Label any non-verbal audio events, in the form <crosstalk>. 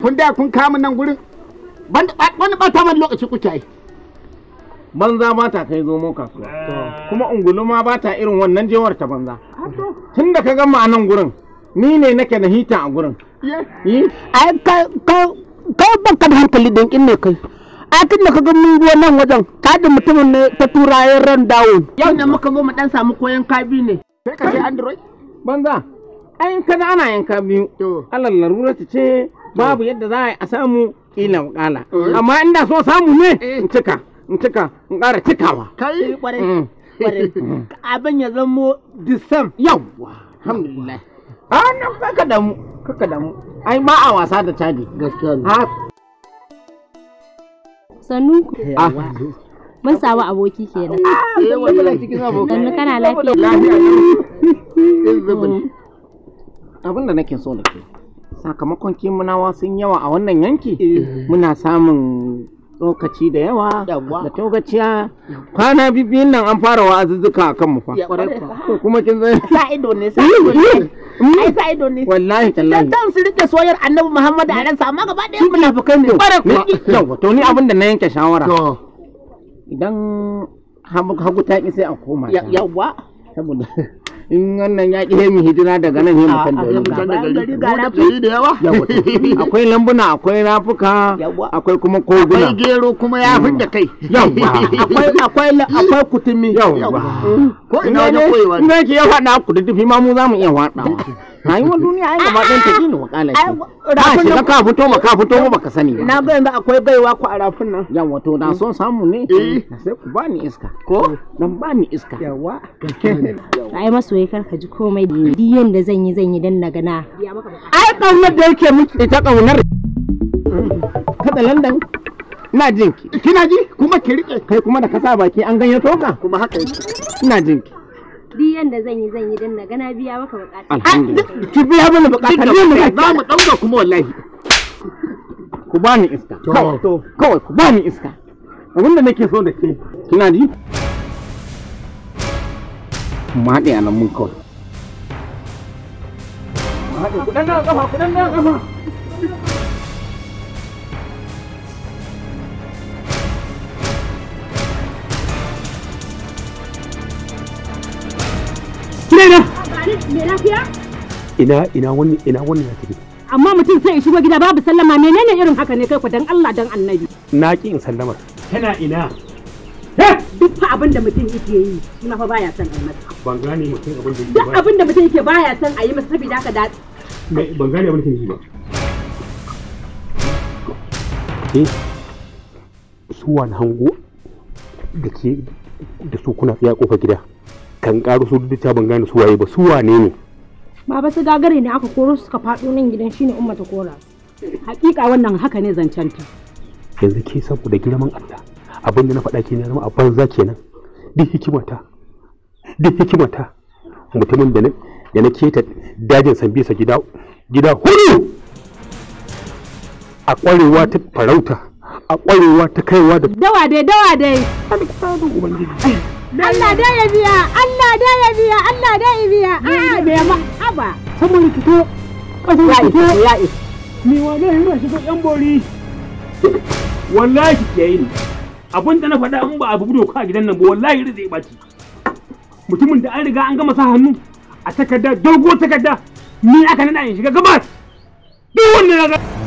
kun da kun kama nan gurin wani bata man lokaci ku yi banza ba ta kai zomo kasuwa eh. kuma unguluma ba ta irin wannan jewar ta banza ah, tun da ka gama a nan gurin ni ne nake na hita a gurin ai kai ka da hankali don in ne kai a tun da ka ga mun nan wajen ka da mutumin ne ta turayen ran dawo yau ne muka zo mu dan samu koyon kabi ne sai ka je android banza ai kana ana yanka biyu Allah larura ce babu yadda za a samu ila wakala eh. amma inda so samu ne eh. in cika in cika in kara cikawa kai kwarai eh, mm. <laughs> mm. abin ya zamo disam yau. alhamdulillah a nan kaka damu kaka damu ai ba a wasa da cadi gaskiya ne sanu ku mun samu aboki kenan ah, sannu kana lafiya mm. abin da nake so na ke sakamakon kimunawa sun yawa a wannan yanki eh. muna samun lokaci da yawa da togaciya kwana bibiyun nan an fara wa azuzuka a kanmu fa kuma kin zai <laughs> sa ido ne sa ido ne mm. Mm. sa ido ne wallahi tallahi dan su rike soyar annabi muhammadu a sa, amma gaba ɗaya munafikan ne yawa to ni abin da na yanke shawara idan hagu ta ki sai a koma yawa saboda in wannan ya ƙi mu hijira daga nan mu kan dari ga rafi da yawa akwai lambuna akwai rafuka akwai kuma koguna akwai gero kuma ya mm. fi da kai akwai akwai akwai kutumi ko ina da koyewa ne ki ya na ku da ma mu za mu iya faɗawa rayuwar duniya ai gaba ɗan ta ƙila wakala ce ba shi ka fito ma ka fito ba ka sani ba na ga yanzu akwai baiwa ku a rafin nan yawa to na son samu ne eh. sai ku ni iska ko dan ni iska yawa ai masoyi kar ka ji komai duk yanda zan yi zan yi dan na gana ai kaunar da yake miki ita kaunar kada landan ina jinki kina ji kuma ki rike kai kuma da kasa baki an ganyato ka kuma haka yake ina jinki da zan yi zan yi dan gana na biya maka bukata ki biya mana bukata ne ne. za mu dauka kuma wallahi ku ba ni iska to kawai ku ba ni iska da nake so da ke kina ji maɗe a anan mun kawai maɗe kudan nan kafa kudan nan kafa Kina ina? Me lafiya? Ina ina wannan ina wannan ya tafi. Amma mutum sai ya shigo gida babu sallama menene irin haka ne kai ku dan Allah dan Annabi. Na ki in sallamar. Tana ina? Duk fa abin da mutum yake yi shi ma fa baya son a yi masa. Ban gane mutum abin da yake Duk abin da mutum yake baya son a yi masa saboda haka da ban gane abin da yake ba. Eh su wani hango da ke da su kuna tsaye a kofar gida. kan karu su duk ban gane su waye ba su wane ne baba su gagare ne aka koro su suka faɗo nan gidan shine umma ta kora hakika wannan haka ne zancen ta yanzu ke saboda girman Allah abin da na faɗa ke zama a banza kenan duk hikimata duk hikimata mutumin da ne da na keta dajin bisa gida gida hudu a kwarewa ta farauta a kwarewa ta kaiwa da dawa dai dawa dai Allah da ya biya, Allah da ya biya, Allah da ya biya. A'a me ma aba. Saboda fito. Kasar fito. Ya is. Ni wallahi ba shi ko yan bori. Wallahi yayi ni. abun da na faɗa in ba abu budo ka gidan nan ba wallahi rizai baci. Mutumin da an riga an gama sa hannu a takarda dogo takarda ni aka nada in shiga gabas. Duk wannan